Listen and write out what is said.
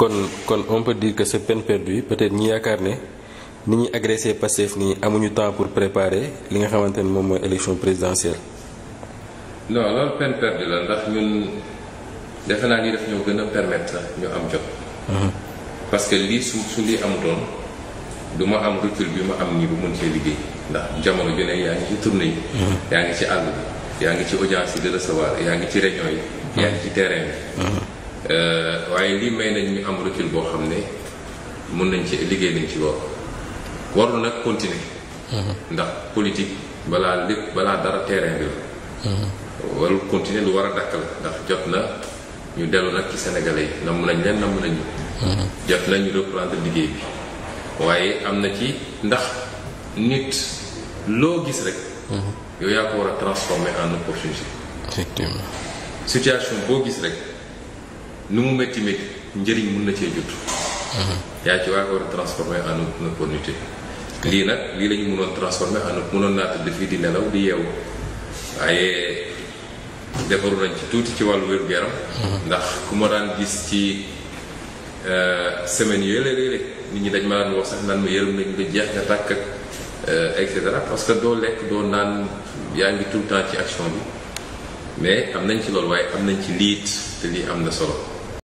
kon kon on peut dire que c'est peine perdue peut ñi yaakaar ne ni ñuy agressé Pastef nii amuñu temps pour préparer li nga xamante ne moom mooy élection présidentielle. non loolu peine perdue la ndax ñun defe naa ni daf ñoo gën a permettre ñu am jot. Mhm. parce que lii su su lii amutoon du ma am recul bi ma am nii bu mën cee liggéey ndax jamono ju ne yaa ngi ci tournée yi. Mhm. yaa ngi ci àll bi yaa ngi ci audience yi de recevoir yaa ngi ci réunion yi. Mhm. yaa ngi ci terrain bi. Euh, waaye lii may nañ ñu am recul boo xam ne mun nañ ci liggéey nañ ci war warul nag continuer mhm. ndax politique balaa lépp balaa dara terrain bi la mhm. warul continuer lu war a la ndax jot na ñu dellu nag ci sénégalais yi namm nañ leen namm nañu mhm. jot nañu reprendre liggéey bi waaye am na ci ndax nit loo gis rek yow yaa ko war a transformer en opportunité situation boo gis rek nu mu métti métti njëriñ mun na cee jot. Mhm. yaa ci waa ko war a transformé en une lii nag lii la ñu mënoon transformé en mënoon naa tëdd fii di nelaw di yeewu waaye defaru nañ ci tuuti ci wàllu wér gu yaram mhm. ndax ku ma daan gis ci euh, semaine yooyu léeg-léeg nit ñi dañ ma daan wax sax naan ma yërëm nañ nga jeex nga tàkk ak euh, et cetera parce que doo lekk doo naan yaa ngi tout temps ci action bi mais am nañ ci loolu waaye am nañ ci liit te lii am na solo